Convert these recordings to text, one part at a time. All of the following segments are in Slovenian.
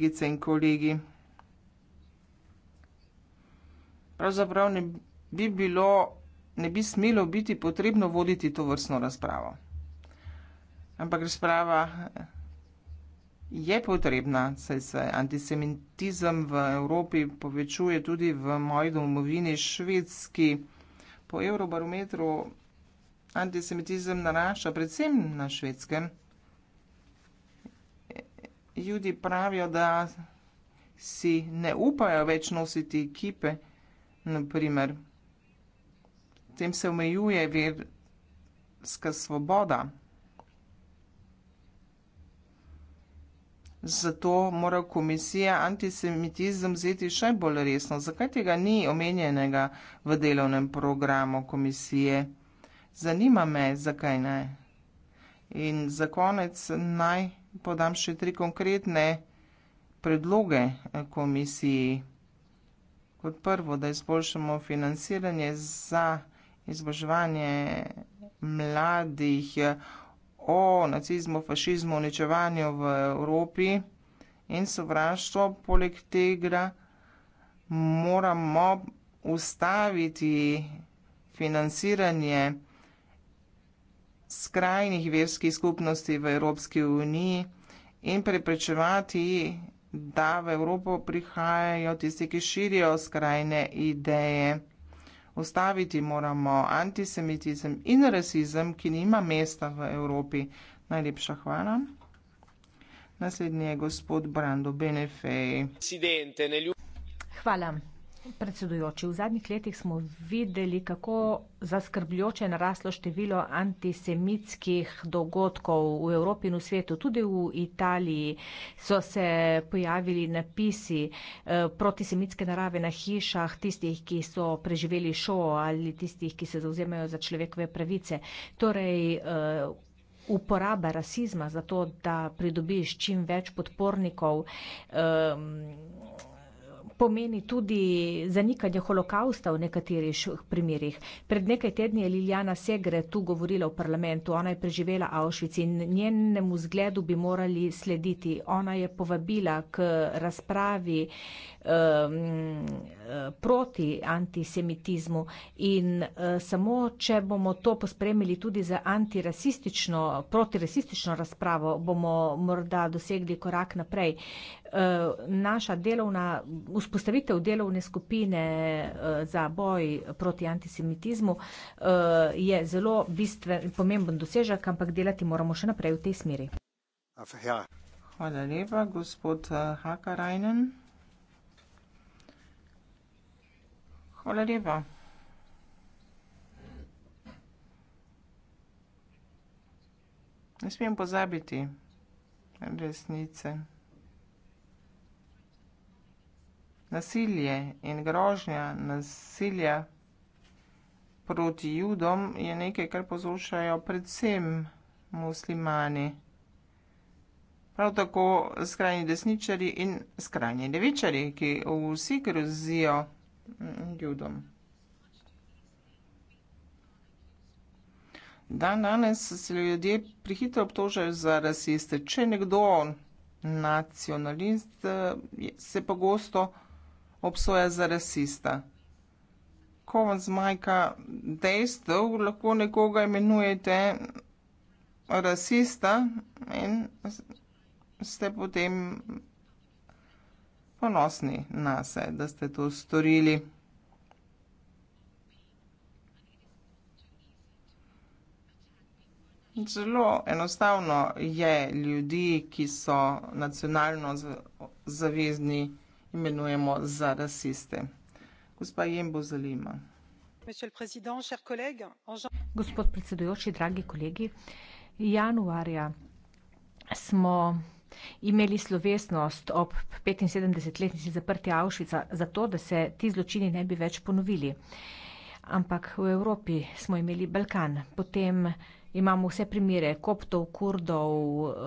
kolegice in kolegi. Pravzaprav ne bi bilo, ne bi smelo biti potrebno voditi to vrstno razpravo. Ampak razprava je potrebna, saj se antisemitizem v Evropi povečuje tudi v moji domovini švedski. Po eurobarometru antisemitizem narašča predvsem na švedskem ljudje pravijo, da si ne upajo več nositi kipe, naprimer. Tem se omejuje verska svoboda. Zato mora komisija antisemitizem vzeti še bolj resno. Zakaj tega ni omenjenega v delovnem programu komisije? Zanima me, zakaj ne. In za konec naj podam še tri konkretne predloge eh, komisiji. Kot prvo, da izboljšamo financiranje za izboljševanje mladih eh, o nacizmu, fašizmu, uničevanju v Evropi in sovraštvo. Poleg tega moramo ustaviti financiranje mladih, skrajnih verskih skupnosti v Evropski uniji in preprečevati, da v Evropo prihajajo tisti, ki širijo skrajne ideje. Ustaviti moramo antisemitizem in rasizem, ki nima mesta v Evropi. Najlepša hvala. Naslednji je gospod Brando Benefej. Hvala. Predsedujoči, v zadnjih letih smo videli, kako zaskrbljujoče je naraslo število antisemitskih dogodkov v Evropi in v svetu. Tudi v Italiji so se pojavili napisi eh, protisemitske narave na hišah tistih, ki so preživeli šo ali tistih, ki se zauzemajo za človekove pravice. Torej, eh, uporaba rasizma za to, da pridobiš čim več podpornikov. Um, pomeni tudi zanikanje holokausta v nekaterih primerjih. Pred nekaj tedni je Liljana Segre tu govorila v parlamentu, ona je preživela Auschwitz in njenemu zgledu bi morali slediti. Ona je povabila k razpravi um, proti antisemitizmu in uh, samo, če bomo to pospremili tudi za antirasistično, protirasistično razpravo, bomo morda dosegli korak naprej. Uh, Eh, naša delovna, vzpostavitev delovne skupine eh, za boj proti antisemitizmu eh, je zelo bistven, pomemben dosežek, ampak delati moramo še naprej v tej smeri. Hvala lepa, gospod Hakarajnen. Hvala lepa. Ne smem pozabiti resnice. Nasilje in grožnja nasilja proti judom je nekaj, kar pozrušajo predvsem muslimani. Prav tako skrajni desničari in skrajni devičari, ki vsi grozijo mm, judom. Dan danes se ljudje prihitro obtožajo za rasiste. Če nekdo nacionalist, eh, se pogosto obtožajo obsoja za rasista. Ko vam zmajka dejstev, lahko nekoga imenujete rasista in ste potem ponosni na se, da ste to storili. Zelo enostavno je ljudi, ki so nacionalno zavezni vsega, imenujemo za rasiste. Gospa Jembo Zalima. Gospod predsedujoči, dragi kolegi, januarja smo imeli slovesnost ob 75-letnici zaprtja Auschwitza zato, da se ti zločini ne bi več ponovili. Ampak v Evropi smo imeli Balkan, potem imamo vse primere koptov, kurdov,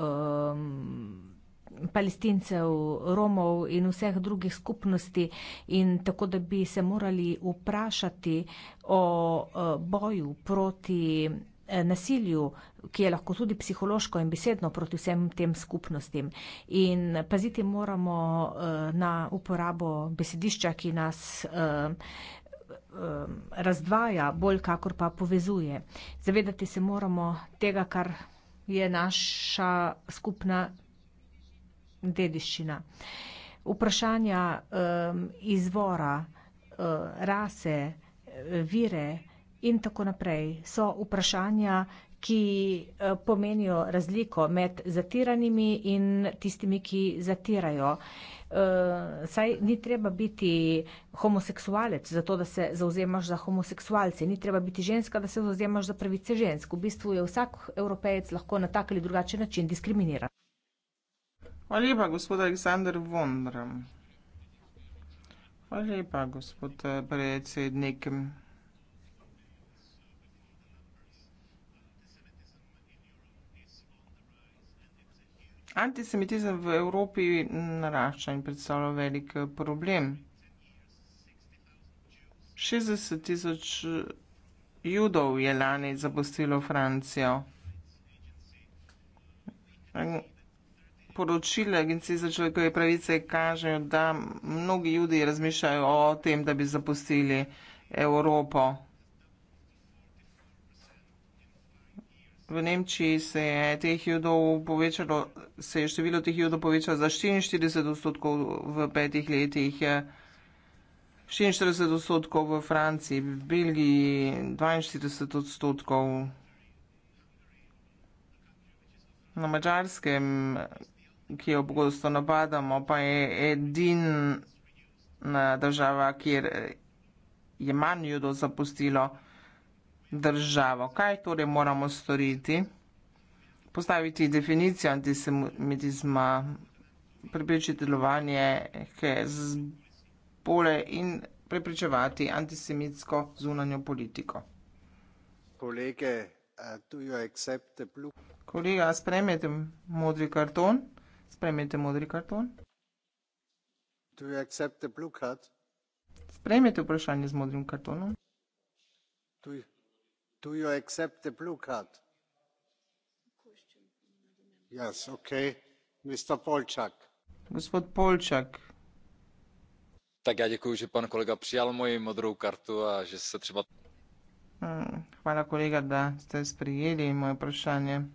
um, palestincev, romov in vseh drugih skupnosti in tako, da bi se morali vprašati o eh, boju proti eh, nasilju, ki je lahko tudi psihološko in besedno proti vsem tem skupnostim. In paziti moramo eh, na uporabo besedišča, ki nas razdvaja bolj, kakor pa povezuje. Zavedati se moramo tega, kar je naša skupna dediščina. Vprašanja um, izvora, uh, rase, vire in tako naprej so vprašanja, ki eh, pomenijo razliko med zatiranimi in tistimi, ki zatirajo. Uh, saj ni treba biti homoseksualec, zato da se zauzemaš za homoseksualce, ni treba biti ženska, da se zauzemaš za pravice žensk. V bistvu je vsak evropejec lahko na tak ali drugačen način diskriminiran. Hvala lepa, gospod Aleksandr Vondr. Hvala lepa, gospod eh, predsednik. Antisemitizem v Evropi narašča in predstavlja velik eh, problem. 60 tisoč eh, judov je lani zapustilo Francijo poročile agencije za človekove pravice kažejo, da mnogi ljudje razmišljajo o tem, da bi zapustili Evropo. V Nemčiji se je, teh povečalo, se je število teh judov povečalo za 44 odstotkov v petih letih, 44 odstotkov v Franciji, v Belgiji 42 odstotkov. Na mačarskem ki jo pogosto napadamo, pa je edina država, kjer je manj judo zapustilo državo. Kaj torej moramo storiti? Postaviti definicijo antisemitizma, preprečiti delovanje Hezbole in preprečevati antisemitsko zunanjo politiko. Kolege, Kolega, sprejmete modri karton. Sprejmite modri karton. Do you accept the blue card? Sprejmite vprašanje z modrim kartonom. Do you, do you accept the blue card? Yes, okay. Mr. Polčak. Gospod Polčak. Tak já děkuji, že pan kolega přijal moji modrou kartu a že se třeba... Hmm, hvala kolega, da ste sprijeli moje vprašanje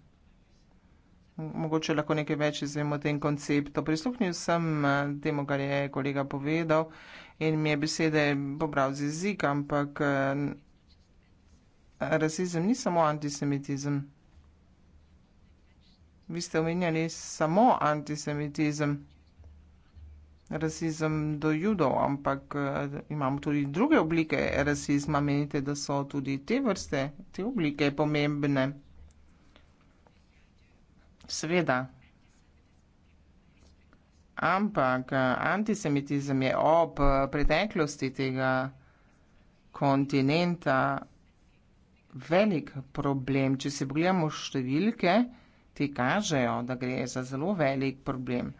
mogoče lahko nekaj več izvemo o tem konceptu. Prisluhnil sem eh, temu, kar je kolega povedal in mi je besede pobral z jezika, ampak eh, rasizem ni samo antisemitizem. Vi ste omenjali samo antisemitizem, rasizem do judov, ampak eh, imamo tudi druge oblike rasizma. Menite, da so tudi te vrste, te oblike pomembne? Seveda. Ampak eh, antisemitizem je ob eh, preteklosti tega kontinenta velik problem. Če se pogledamo številke, ti kažejo, da gre za zelo velik problem,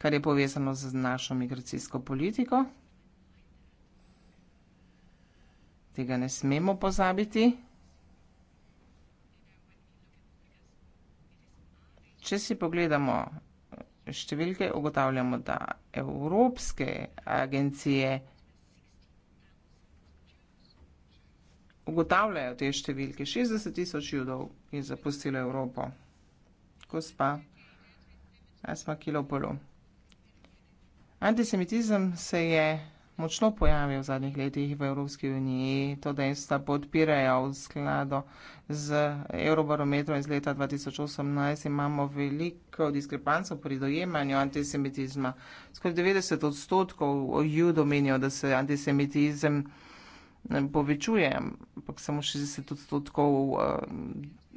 kar je povezano z našo migracijsko politiko. Tega ne smemo pozabiti. če si pogledamo številke, ugotavljamo, da evropske agencije ugotavljajo te številke. 60 tisoč judov je zapustilo Evropo. Gospa Asma Kilopolu. Antisemitizem se je močno pojavi v zadnjih letih v Evropski uniji. To dejstva podpirajo v skladu z eurobarometrom iz leta 2018. Imamo veliko diskrepanco pri dojemanju antisemitizma. Skoraj 90 odstotkov judov menijo, da se antisemitizem eh, povečuje, ampak samo 60 odstotkov eh,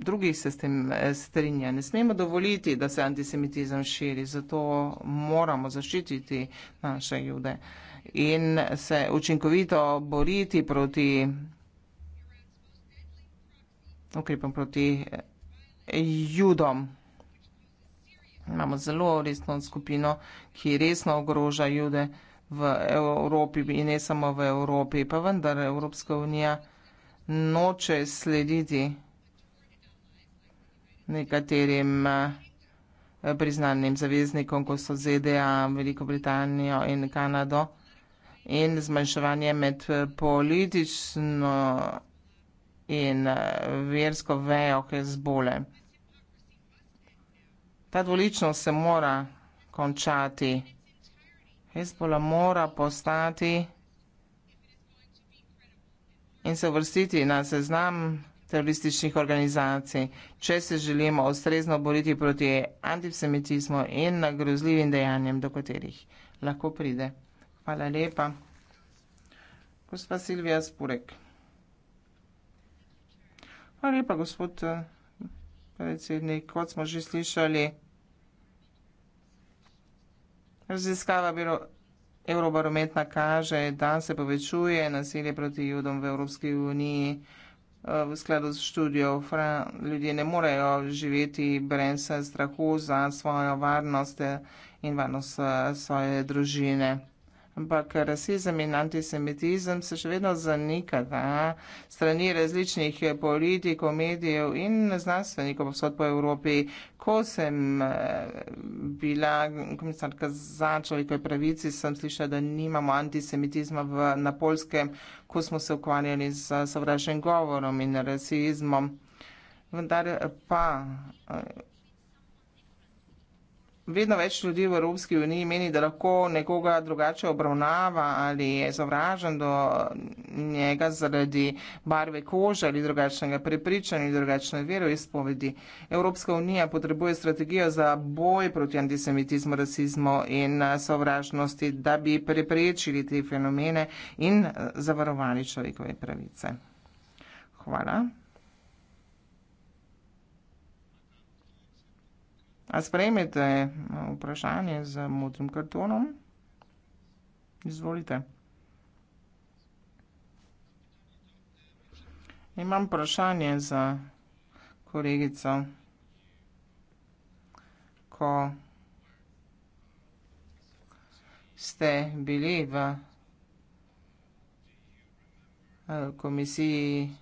drugih se s tem eh, strinja. Ne smemo dovoliti, da se antisemitizem širi, zato moramo zaščititi naše jude in se učinkovito boriti proti ukrepom proti eh, judom. Imamo zelo resno skupino, ki resno ogroža jude v Evropi in ne samo v Evropi, pa vendar Evropska unija noče slediti nekaterim eh, priznanim zaveznikom, ko so ZDA, Veliko Britanijo in Kanado vsega in zmanjševanje med eh, politično in eh, versko vejo Hezbole. Ta dvoličnost se mora končati. Hezbola mora postati in se vrstiti na seznam terorističnih organizacij, če se želimo ustrezno boriti proti antisemitizmu in na grozljivim dejanjem, do katerih lahko pride. Hvala lepa. Gospa Silvija Spurek. Hvala lepa, gospod eh, predsednik. Kot smo že slišali, raziskava bilo. Eurobarometna kaže, da se povečuje nasilje proti judom v Evropski uniji. Eh, v skladu s študijo Fran, ljudje ne morejo živeti brez strahu za svojo varnost eh, in varnost svoje družine ampak rasizem in antisemitizem se še vedno zanika, da strani različnih politikov, medijev in znanstvenikov posod po Evropi. Ko sem eh, bila komisarka za človekove pravici, sem slišala, da nimamo antisemitizma v, na polskem, ko smo se ukvarjali z sovražnim govorom in rasizmom. Vendar pa eh, Vedno več ljudi v Evropski uniji meni, da lahko nekoga drugače obravnava ali je zavražen do njega zaradi barve kože ali drugačnega prepričanja ali drugačne veroizpovedi. Evropska unija potrebuje strategijo za boj proti antisemitizmu, rasizmu in sovražnosti, da bi preprečili te fenomene in zavarovali človekove pravice. Hvala. A sprejmete eh, vprašanje z modrim kartonom? Izvolite. Imam vprašanje za kolegico. Ko ste bili v eh, komisiji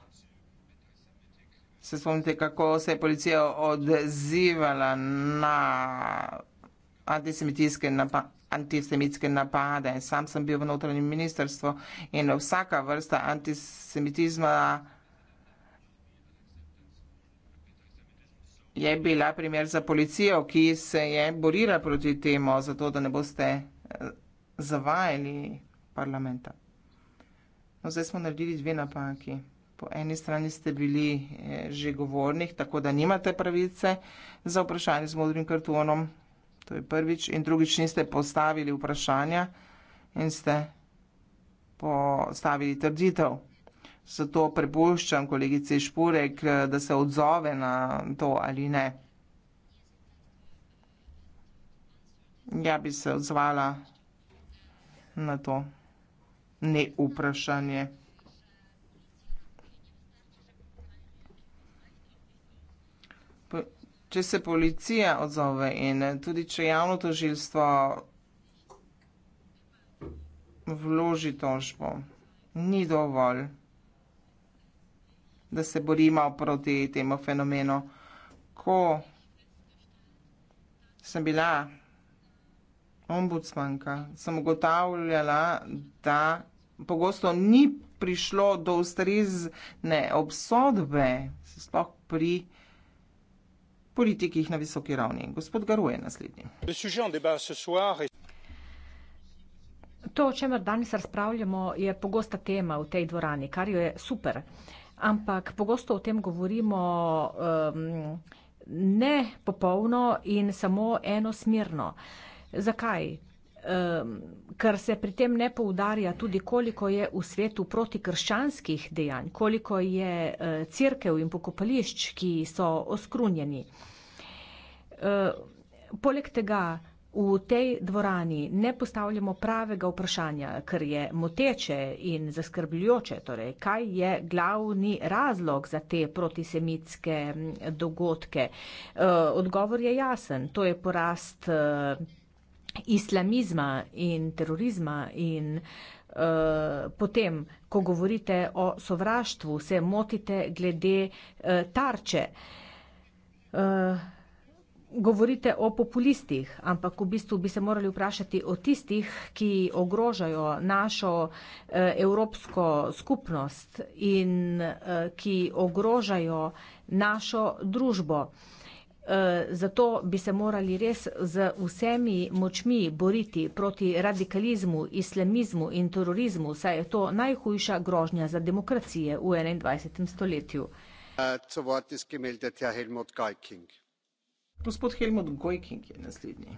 se spomnite, kako se je policija odzivala na antisemitske napade antisemitske napade. Sam sem bil v notranjem ministerstvu in vsaka vrsta antisemitizma je bila primer za policijo, ki se je borila proti temu, zato da ne boste eh, zavajali parlamenta. No, zdaj smo naredili dve napaki. Po eni strani ste bili eh, že govornik, tako da nimate pravice za vprašanje z modrim kartonom. To je prvič. In drugič niste postavili vprašanja in ste postavili trditev. Zato prepuščam kolegici Špurek, eh, da se odzove na to ali ne. Ja bi se odzvala na to neuprašanje. če se policija odzove in eh, tudi če javno tožilstvo vloži tožbo, ni dovolj, da se borimo proti temu fenomenu. Ko sem bila ombudsmanka, sem ugotavljala, da pogosto ni prišlo do ustrezne obsodbe, se sploh pri tem, politikih na visoki ravni. Gospod Garuje naslednji. To, o čemer danes razpravljamo, je pogosta tema v tej dvorani, kar jo je super. Ampak pogosto o tem govorimo um, ne popolno in samo enosmirno. Zakaj? um, ker se pri tem ne poudarja tudi, koliko je v svetu protikrščanskih dejanj, koliko je uh, e, crkev in pokopališč, ki so oskrunjeni. Uh, poleg tega v tej dvorani ne postavljamo pravega vprašanja, ker je moteče in zaskrbljujoče, torej kaj je glavni razlog za te protisemitske dogodke. Uh, odgovor je jasen, to je porast. Uh, islamizma in terorizma in uh, potem, ko govorite o sovraštvu, se motite glede uh, tarče. Uh, Govorite o populistih, ampak v bistvu bi se morali vprašati o tistih, ki ogrožajo našo evropsko skupnost in ki ogrožajo našo družbo. Eh, zato bi se morali res z vsemi močmi boriti proti radikalizmu, islamizmu in terorizmu, saj je to najhujša grožnja za demokracije v 21. stoletju. Eh, Gospod Helmut Gojking je naslednji.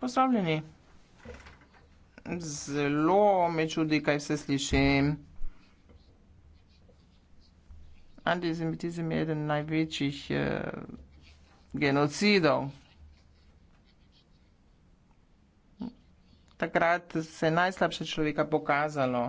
Pozdravljeni. Zelo me čudi, kaj se slišim. Antisemitizem je eden največjih uh, genocidov. Takrat se je najslabše človeka pokazalo.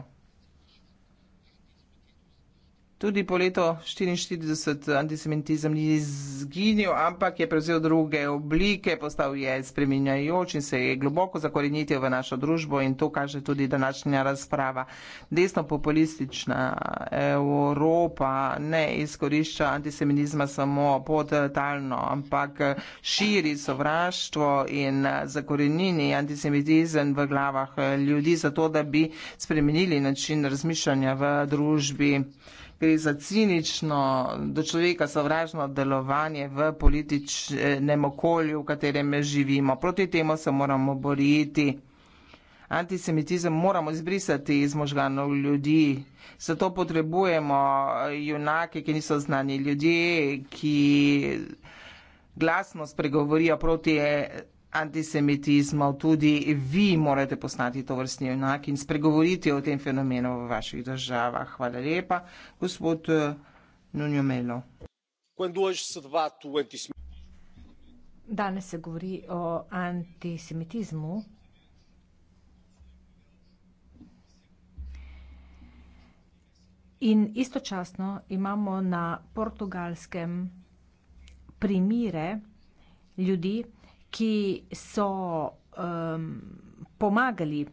Tudi po letu 1944 antisemitizem ni izginil, ampak je prevzel druge oblike, postal je spreminjajoč in se je globoko zakorenitil v našo družbo in to kaže tudi današnja razprava. Desno populistična Evropa ne izkorišča antisemitizma samo podtalno, ampak širi sovraštvo in zakorenini antisemitizem v glavah ljudi, zato da bi spremenili način razmišljanja v družbi gre za cinično, do človeka sovražno delovanje v političnem okolju, v katerem živimo. Proti temu se moramo boriti. Antisemitizem moramo izbrisati iz možganov ljudi. Zato potrebujemo junake, ki niso znani ljudje, ki glasno spregovorijo proti antisemitizmov, tudi vi morate postati to vrstni junak in spregovoriti o tem fenomenu v vaših državah. Hvala lepa, gospod eh, Nunjo Melo. Danes se govori o antisemitizmu. In istočasno imamo na portugalskem primire ljudi, ki so um, pomagali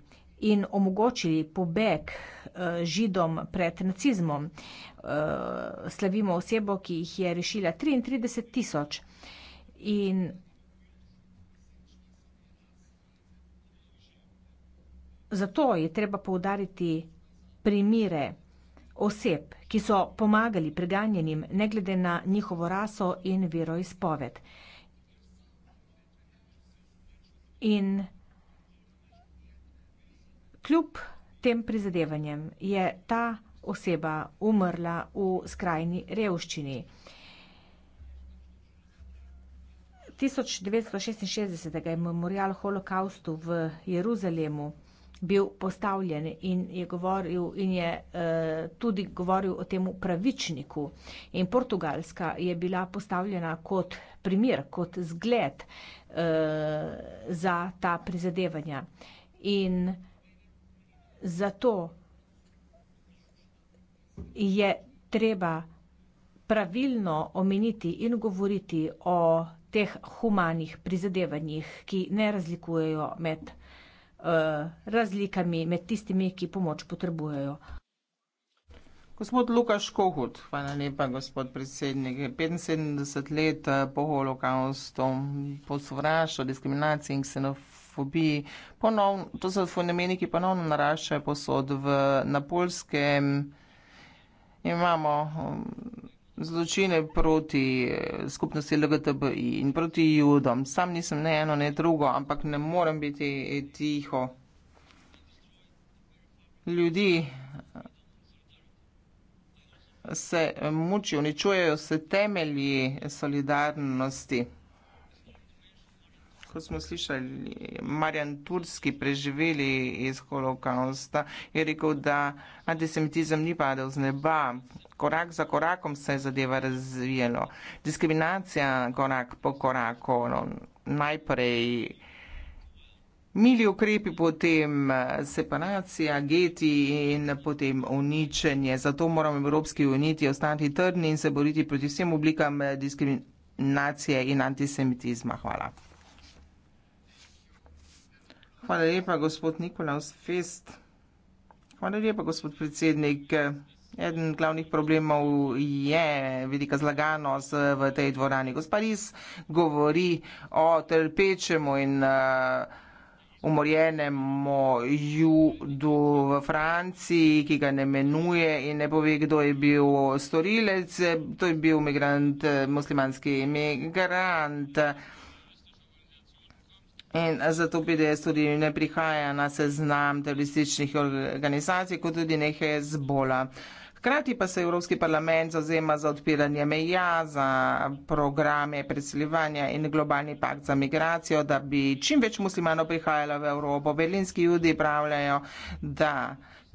in omogočili pobeg uh, židom pred nacizmom. Uh, slavimo osebo, ki jih je rešila 33 tisoč. In zato je treba poudariti primire oseb, ki so pomagali preganjenim, ne glede na njihovo raso in veroizpoved. izpoved. In kljub tem prizadevanjem je ta oseba umrla v skrajni revščini. 1966. je memorial holokaustu v Jeruzalemu bil postavljen in je govoril in je uh, tudi govoril o temu pravičniku. In Portugalska je bila postavljena kot primer, kot zgled eh, za ta prizadevanja. In zato je treba pravilno omeniti in govoriti o teh humanih prizadevanjih, ki ne razlikujejo med uh, razlikami, med tistimi, ki pomoč potrebujejo. Gospod Lukaš Kohut, hvala lepa, gospod predsednik. 75 let eh, po holokaustu, po sovraštvu, diskriminaciji in ksenofobiji, ponovno, to so fenomeni, ki ponovno naraščajo posod v Napolskem. Eh, imamo eh, zločine proti skupnosti LGTBI in proti judom. Sam nisem ne eno, ne drugo, ampak ne morem biti tiho. Ljudi se muči, uničujejo se temelji solidarnosti. Kot smo slišali, Marjan Turski preživeli iz holokausta, je rekel, da antisemitizem ni padel z neba. Korak za korakom se je zadeva razvijalo. Diskriminacija korak po koraku. No, najprej Mili ukrepi, potem eh, separacija, geti in potem uničenje. Zato moramo Evropski uniti ostati trdni in se boriti proti vsem oblikam eh, diskriminacije in antisemitizma. Hvala. Hvala lepa, gospod Nikolaus Fest. Hvala lepa, gospod predsednik. Eden glavnih problemov je velika zlaganost eh, v tej dvorani. Gospa Riz govori o trpečemu in uh, umorjenemu judu v Franciji, ki ga ne menuje in ne pove, kdo je bil storilec. To je bil migrant, muslimanski imigrant. In zato PDS tudi ne prihaja na seznam terorističnih organizacij, kot tudi nekaj zbola. Uh, Hkrati pa se Evropski parlament zauzema za odpiranje meja, za programe preseljevanja in globalni pakt za migracijo, da bi čim več muslimanov prihajalo v Evropo. Berlinski judi pravljajo, da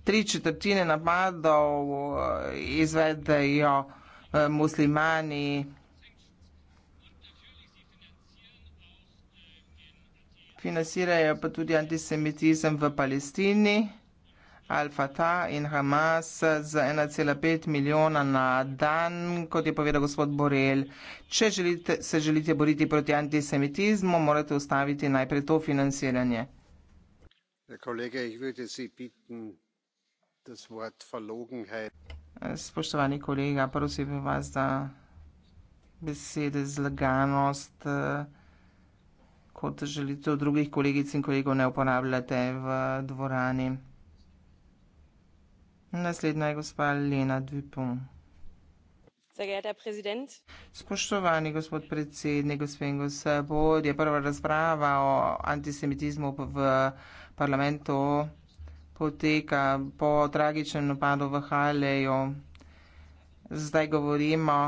tri četrtine napadov eh, izvedejo eh, muslimani. Financirajo pa tudi antisemitizem v Palestini. Al-Fata in Hamas z 1,5 milijona na dan, kot je povedal gospod Borel. Če želite, se želite boriti proti antisemitizmu, morate ustaviti najprej to financiranje. Spoštovani kolega, prosim vas, da besede zlaganost, kot želite od drugih kolegic in kolegov, ne uporabljate v dvorani. Naslednja je gospa Lena Dvipon. Spoštovani gospod predsednik, gospe in gospodje, prva razprava o antisemitizmu v parlamentu poteka po tragičnem napadu v Haleju. Zdaj govorimo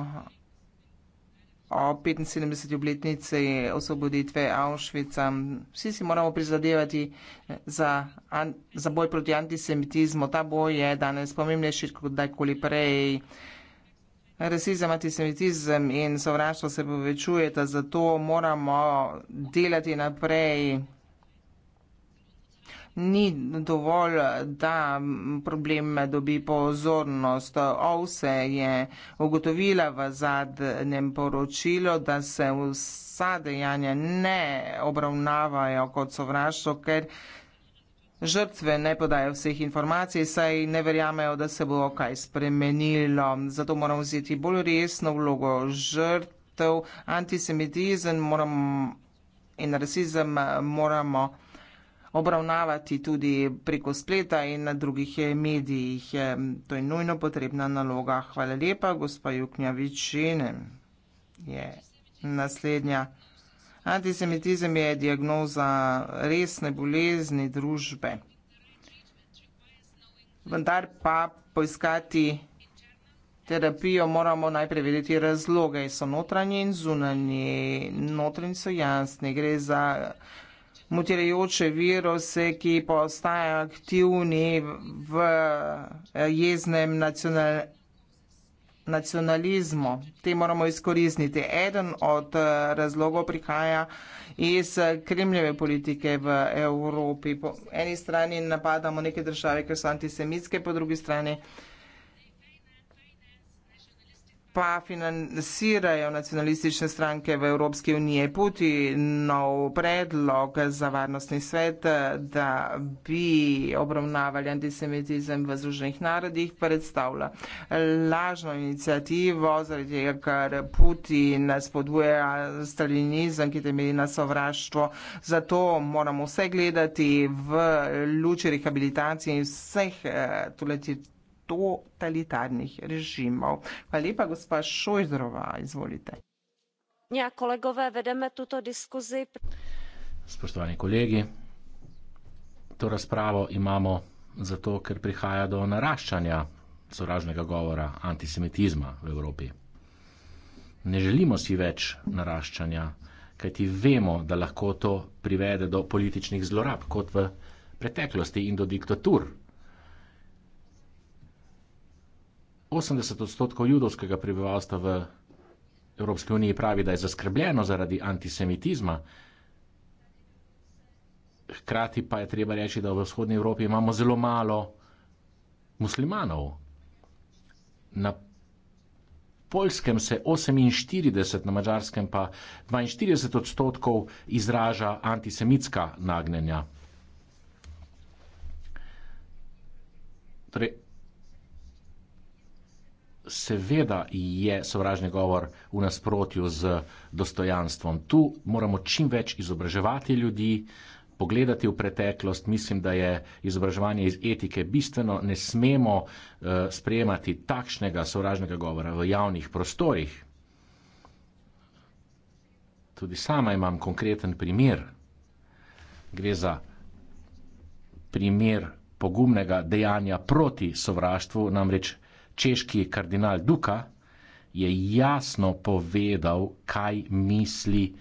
ob 75. obletnici osvoboditve Auschwitza. Vsi si moramo prizadevati za, za boj proti antisemitizmu. Ta boj je danes pomembnejši kot kdajkoli prej. Rasizem, antisemitizem in sovraštvo se povečujeta, zato moramo delati naprej ni dovolj, da problem dobi pozornost. OVSE je ugotovila v zadnjem poročilu, da se vsa dejanja ne obravnavajo kot sovraštvo, ker Žrtve ne podajo vseh informacij, saj ne verjamejo, da se bo kaj spremenilo. Zato moramo vzeti bolj resno vlogo žrtev. Antisemitizem moram, in rasizem moramo obravnavati tudi preko spleta in na drugih eh, medijih. Eh, to je nujno potrebna naloga. Hvala lepa, gospa Juknjavič. Je naslednja. Antisemitizem je diagnoza resne bolezni družbe. Vendar pa poiskati terapijo moramo najprej vedeti razloge. So notranji in zunanji. Notranji so jasni. Gre za mutirajoče viruse, ki postajajo aktivni v eh, jeznem nacionalizmu. Te moramo izkoristiti. Eden od eh, razlogov prihaja iz eh, kremljeve politike v Evropi. Po eni strani napadamo neke države, ker so antisemitske, po drugi strani pa financirajo nacionalistične stranke v Evropski uniji. Putinov predlog za varnostni svet, da bi obravnavali antisemitizem v Združenih narodih, predstavlja lažno inicijativo, zaradi tega, ker Putin spodbuja stalinizem, ki temelji na sovraštvo. Zato moramo vse gledati v luči rehabilitacije in vseh eh, tuletih totalitarnih režimov. Hvala lepa, gospa Šojzrova, izvolite. Ja, kolegove, vedeme tuto diskuzi. Spoštovani kolegi, to razpravo imamo zato, ker prihaja do naraščanja sovražnega govora antisemitizma v Evropi. Ne želimo si več naraščanja, kajti vemo, da lahko to privede do političnih zlorab, kot v preteklosti in do diktatur 80 odstotkov judovskega prebivalstva v Evropski uniji pravi, da je zaskrbljeno zaradi antisemitizma. Hkrati pa je treba reči, da v vzhodnji Evropi imamo zelo malo muslimanov. Na polskem se 48, na mačarskem pa 42 odstotkov izraža antisemitska nagnjenja. Torej, seveda je sovražni govor v nasprotju z dostojanstvom. Tu moramo čim več izobraževati ljudi, pogledati v preteklost. Mislim, da je izobraževanje iz etike bistveno. Ne smemo uh, sprejemati takšnega sovražnega govora v javnih prostorih. Tudi sama imam konkreten primer. Gre za primer pogumnega dejanja proti sovraštvu, namreč češki kardinal Duka je jasno povedal, kaj misli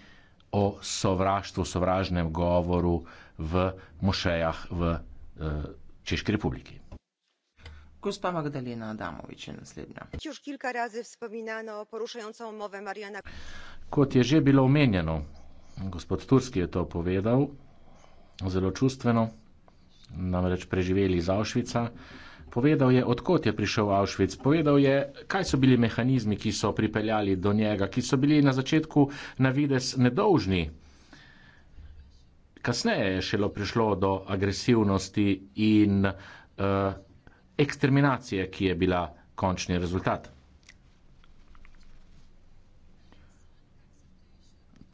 o sovraštvu, sovražnem govoru v mošejah v uh, Češki republiki. Gospa Magdalena Adamovič je naslednja. Kot je že bilo omenjeno, gospod Turski je to povedal zelo čustveno, namreč preživeli iz Avšvica povedal je, odkot je prišel Auschwitz, povedal je, kaj so bili mehanizmi, ki so pripeljali do njega, ki so bili na začetku na vides nedolžni. Kasneje je šelo prišlo do agresivnosti in uh, eh, ekstreminacije, ki je bila končni rezultat.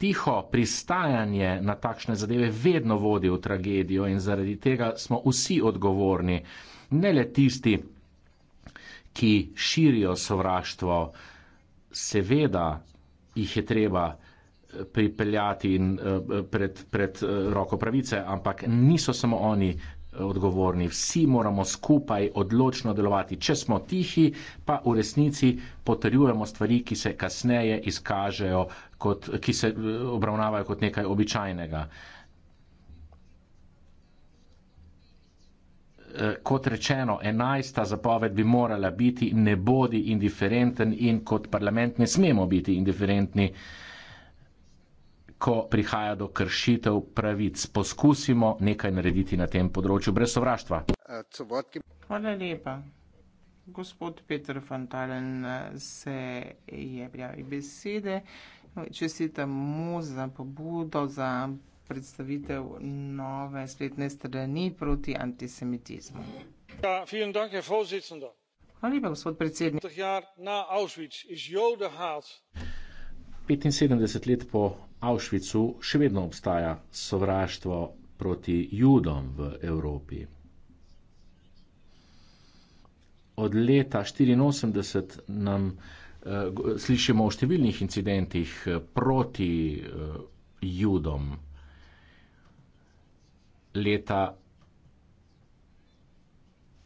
tiho pristajanje na takšne zadeve vedno vodi v tragedijo in zaradi tega smo vsi odgovorni, ne le tisti, ki širijo sovraštvo, seveda jih je treba eh, pripeljati eh, pred, pred eh, roko pravice, ampak niso samo oni odgovorni, vsi moramo skupaj odločno delovati. Če smo tihi, pa v resnici potrjujemo stvari, ki se kasneje izkažejo, kot, ki se obravnavajo kot nekaj običajnega. E, kot rečeno, enajsta zapoved bi morala biti ne bodi indiferenten in kot parlament ne smemo biti indiferentni ko prihaja do kršitev pravic. Poskusimo nekaj narediti na tem področju brez sovraštva. Hvala lepa. Gospod Petr Fantalen eh, se je prijavil besede. Čestitamo za pobudo, za predstavitev nove spletne strani proti antisemitizmu. Ja, Hvala lepa, gospod predsednik. 75 let po Auschwitzu še vedno obstaja sovraštvo proti Judom v Evropi. Od leta 1984 nam uh, slišimo o številnih incidentih eh, proti uh, Judom. Leta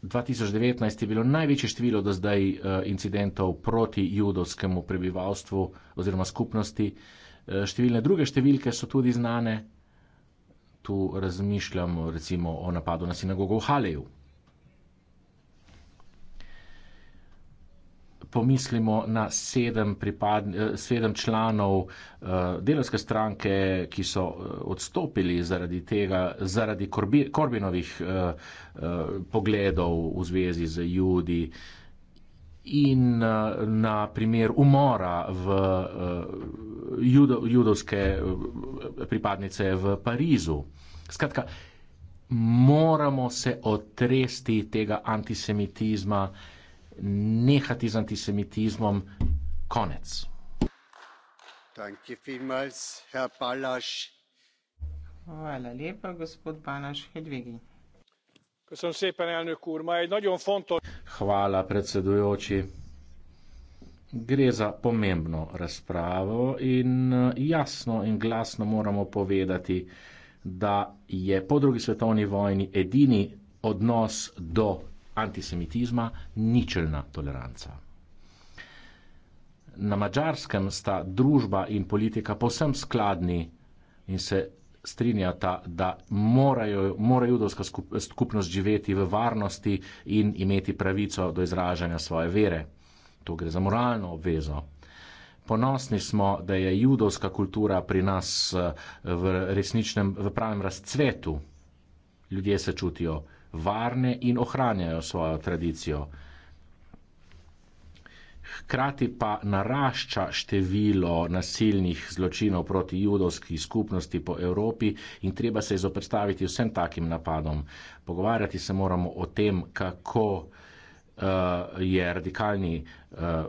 2019 je bilo največje število do zdaj uh, incidentov proti judovskemu prebivalstvu oziroma skupnosti uh, Eh, številne druge številke so tudi znane. Tu razmišljam recimo o napadu na sinagogo v Haleju. Pomislimo na sedem, pripad, eh, sedem članov eh, delovske stranke, ki so odstopili zaradi tega, zaradi Korbinovih pogledov v zvezi z ljudi in na primer umora v judo, judovske eh, pripadnice v Parizu. Skratka, moramo se otresti tega antisemitizma, nehati z antisemitizmom, konec. Hvala lepa, gospod Balaš Hedvigi. Hvala, predsedujoči. Gre za pomembno razpravo in eh, jasno in glasno moramo povedati, da je po drugi svetovni vojni edini odnos do antisemitizma ničelna toleranca. Na mačarskem sta družba in politika posem skladni in se strinjata, da morajo, mora judovska skupnost živeti v varnosti in imeti pravico do izražanja svoje vere to gre za moralno obvezo. Ponosni smo, da je judovska kultura pri nas eh, v resničnem, v pravem razcvetu. Ljudje se čutijo varne in ohranjajo svojo tradicijo. Hkrati pa narašča število nasilnih zločinov proti judovski skupnosti po Evropi in treba se izoprstaviti vsem takim napadom. Pogovarjati se moramo o tem, kako uh, uh, je radikalni uh, uh,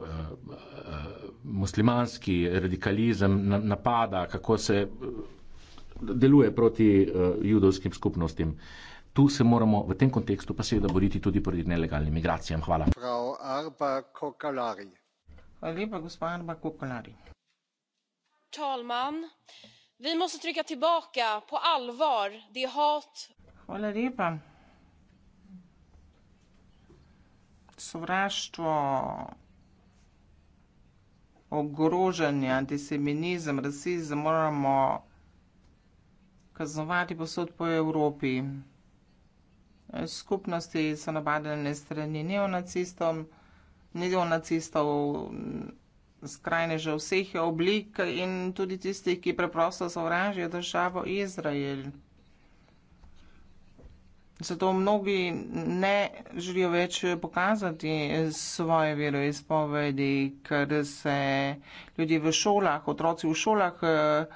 muslimanski radikalizem napada, kako se deluje proti uh, judovskim skupnostim. Tu se moramo v tem kontekstu pa seveda boriti tudi proti nelegalnim migracijam. Hvala. Hvala lepa. sovraštvo, ogrožanje, antisemitizem, rasizem moramo kaznovati posod po Evropi. Skupnosti so nabadene strani neonacistov, neonacistov skrajneže vseh oblik in tudi tistih, ki preprosto sovražijo državo Izrael. Zato mnogi ne želijo več pokazati svoje veroizpovedi, ker se ljudje v šolah, otroci v šolah eh,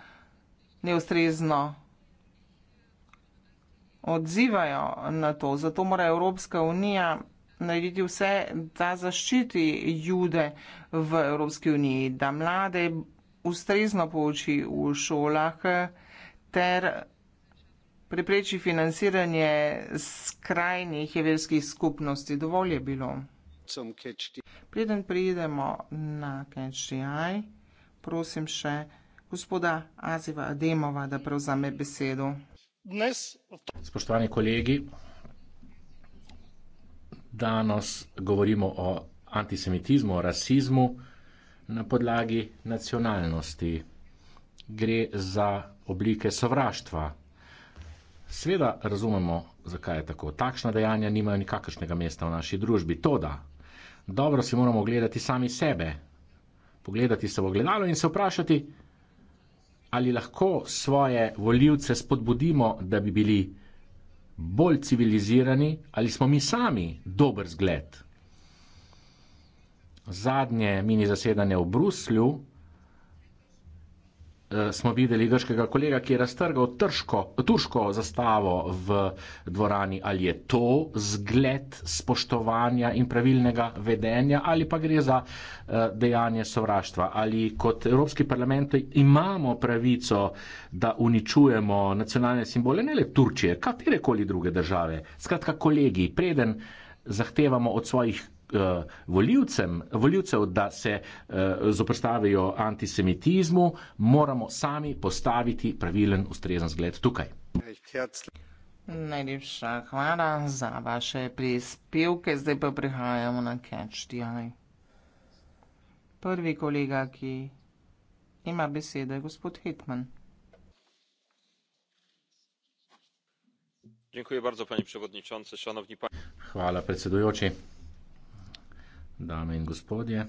neustrezno odzivajo na to. Zato mora Evropska unija narediti vse, da zaščiti jude v Evropski uniji, da mlade ustrezno pouči v šolah eh, ter prepreči financiranje skrajnih jeverskih skupnosti. Dovolj je bilo. Preden pridemo na KNCI, prosim še gospoda Aziva Ademova, da prevzame besedo. Spoštovani kolegi, danes govorimo o antisemitizmu, o rasizmu na podlagi nacionalnosti. Gre za oblike sovraštva. Sveda razumemo, zakaj je tako. Takšna dejanja nimajo nikakršnega mesta v naši družbi. To da, dobro si moramo ogledati sami sebe, pogledati se v ogledalo in se vprašati, ali lahko svoje voljivce spodbudimo, da bi bili bolj civilizirani, ali smo mi sami dober zgled. Zadnje mini zasedanje v Bruslju Eh, smo videli grškega kolega, ki je raztrgal trško, turško zastavo v dvorani. Ali je to zgled spoštovanja in pravilnega vedenja, ali pa gre za eh, dejanje sovraštva? Ali kot Evropski parlament imamo pravico, da uničujemo nacionalne simbole, ne le Turčije, katerekoli druge države? Skratka, kolegi, preden zahtevamo od svojih Eh, voljivcem, voljivcev, da se eh, zoprstavijo antisemitizmu, moramo sami postaviti pravilen, ustrezen zgled tukaj. Najlepša hvala za vaše prispevke, zdaj pa prihajamo na catch-di. Prvi kolega, ki ima besedo, je gospod Hitman. Dziękuję bardzo, panie przewodniczący, szanowni państwo. Hvala, predsedujoči dame in gospodje.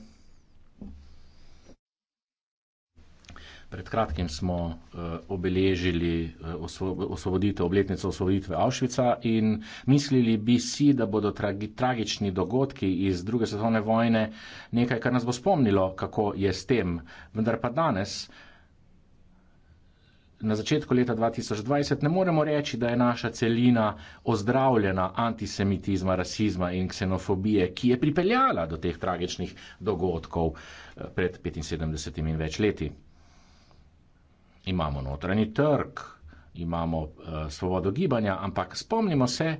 Pred kratkim smo uh, obeležili uh, osvo obletnico osvoboditve Avšvica in mislili bi si, da bodo tragi tragični dogodki iz druge svetovne vojne nekaj, kar nas bo spomnilo, kako je s tem. Vendar pa danes uh, na začetku leta 2020, ne moremo reči, da je naša celina ozdravljena antisemitizma, rasizma in ksenofobije, ki je pripeljala do teh tragičnih dogodkov eh, pred 75 in več leti. Imamo notranji trg, imamo uh, svobodo gibanja, ampak spomnimo se,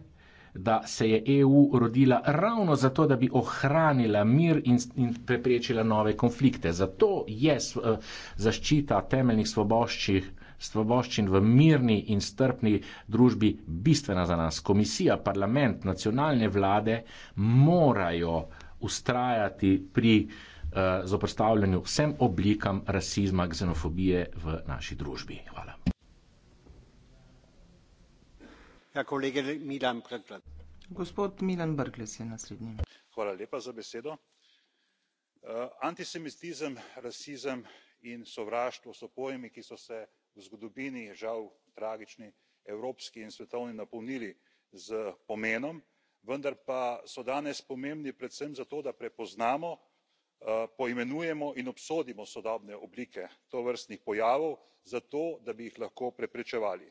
da se je EU rodila ravno zato, da bi ohranila mir in, in preprečila nove konflikte. Zato je uh, zaščita temeljnih svoboščih, svoboščin v mirni in strpni družbi bistvena za nas. Komisija, parlament, nacionalne vlade morajo ustrajati pri uh, zoprstavljanju vsem oblikam rasizma, ksenofobije v naši družbi. Hvala. Ja, kolege, Milan Gospod Milan Brgles je naslednji. Hvala lepa za besedo. Uh, antisemitizem, rasizem in sovraštvo so pojmi, ki so se v zgodovini žal tragični evropski in svetovni napolnili s pomenom vendar pa so danes pomembni predvsem zato da prepoznamo eh, poimenujemo in obsodimo sodobne oblike tovrstnih pojavov zato da bi jih lahko preprečevali.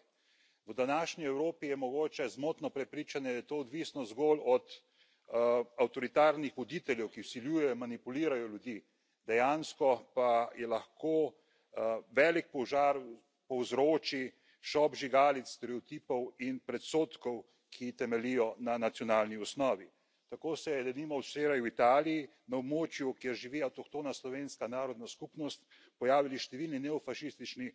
v današnji evropi je mogoče zmotno prepričanje da je to odvisno zgolj od eh, avtoritarnih voditeljev ki vsiljujejo in manipulirajo ljudi dejansko pa je lahko eh, velik požar povzroči šop žigalic stereotipov in predsodkov ki temeljijo na nacionalni osnovi. tako se je denimo včeraj v italiji na območju kjer živi avtohtona slovenska narodna skupnost pojavili številni neofašistični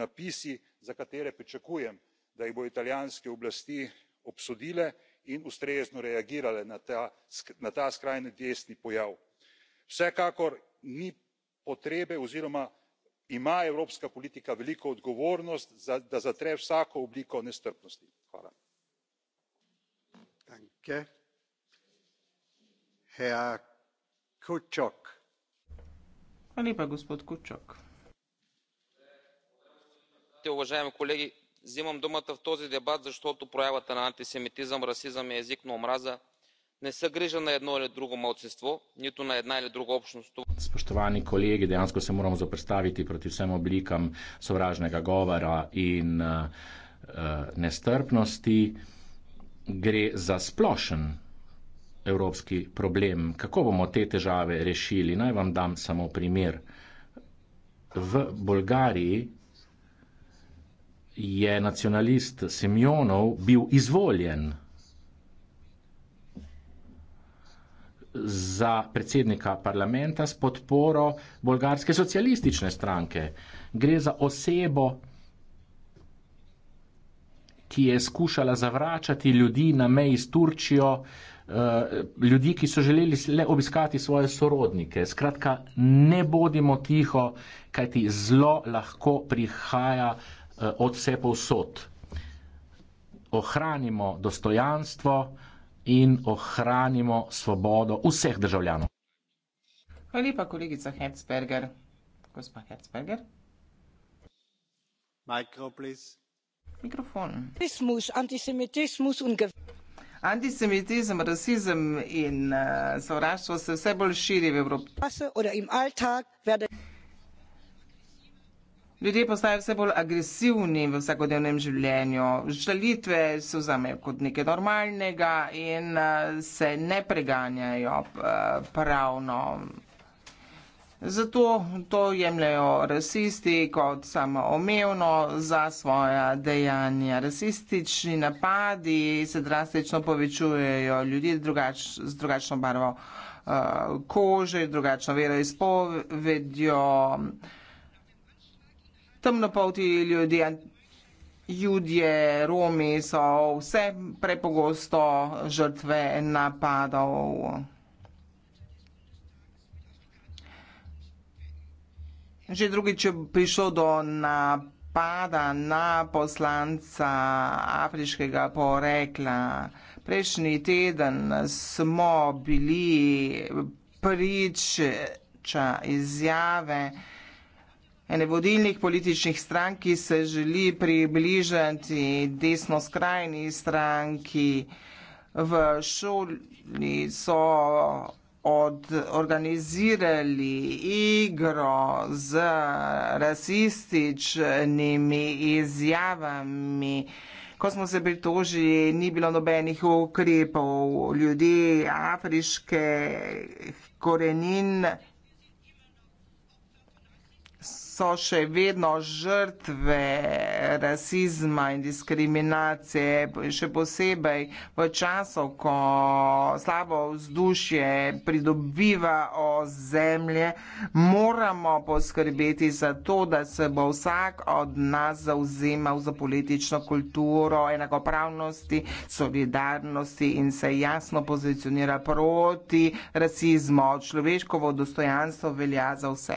napisi za katere pričakujem da jih bodo italijanske oblasti obsodile in ustrezno reagirale na ta skrajno desni pojav. vsekakor ni potrebe oziroma ima evropska politika veliko odgovornost da zatre vsako obliko nestrpnosti. уважаеми колеги взимам думата в този дебат защото проявата на антисемитизъм расизъм и език на омраза не са грижа на едно или друго малцинство нито на една или друга общност spoštovani kolegi, dejansko se moramo zoprstaviti proti vsem oblikam sovražnega govora in uh, nestrpnosti. Gre za splošen evropski problem. Kako bomo te težave rešili? Naj vam dam samo primer. V Bolgariji je nacionalist Semjonov bil izvoljen. za predsednika parlamenta s podporo bolgarske socialistične stranke. Gre za osebo, ki je skušala zavračati ljudi na meji s Turčijo, eh, ljudi, ki so želeli le obiskati svoje sorodnike. Skratka, ne bodimo tiho, kajti zlo lahko prihaja eh, od vse povsod. Ohranimo dostojanstvo, in ohranimo svobodo vseh državljanov. Hvala lepa, kolegica Herzberger. Gospa Herzberger. Mikro, Mikrofon. Antisemitizem, rasizem in uh, sovraštvo se vse bolj širi v Evropi. Ljudje postajajo vse bolj agresivni v vsakodnevnem življenju. Žalitve se vzamejo kot nekaj normalnega in se ne preganjajo pravno. Zato to jemljajo rasisti kot samo omevno za svoja dejanja. Rasistični napadi se drastično povečujejo ljudi drugač, z drugačno barvo uh, kože, drugačno veroizpovedjo temnopolti ljudje, judje, romi so vse prepogosto žrtve napadov. Že drugič je prišlo do napada na poslanca afriškega porekla. Prejšnji teden smo bili prič izjave, ene vodilnih političnih strank, ki se želi približati desno skrajni stranki v šoli, so organizirali igro z rasističnimi izjavami. Ko smo se pritožili, ni bilo nobenih ukrepov ljudi afriške korenin so še vedno žrtve rasizma in diskriminacije, še posebej v času, ko slabo vzdušje pridobiva o zemlje, moramo poskrbeti za to, da se bo vsak od nas zauzemal za politično kulturo enakopravnosti, solidarnosti in se jasno pozicionira proti rasizmu. Človeško dostojanstvo velja za vse.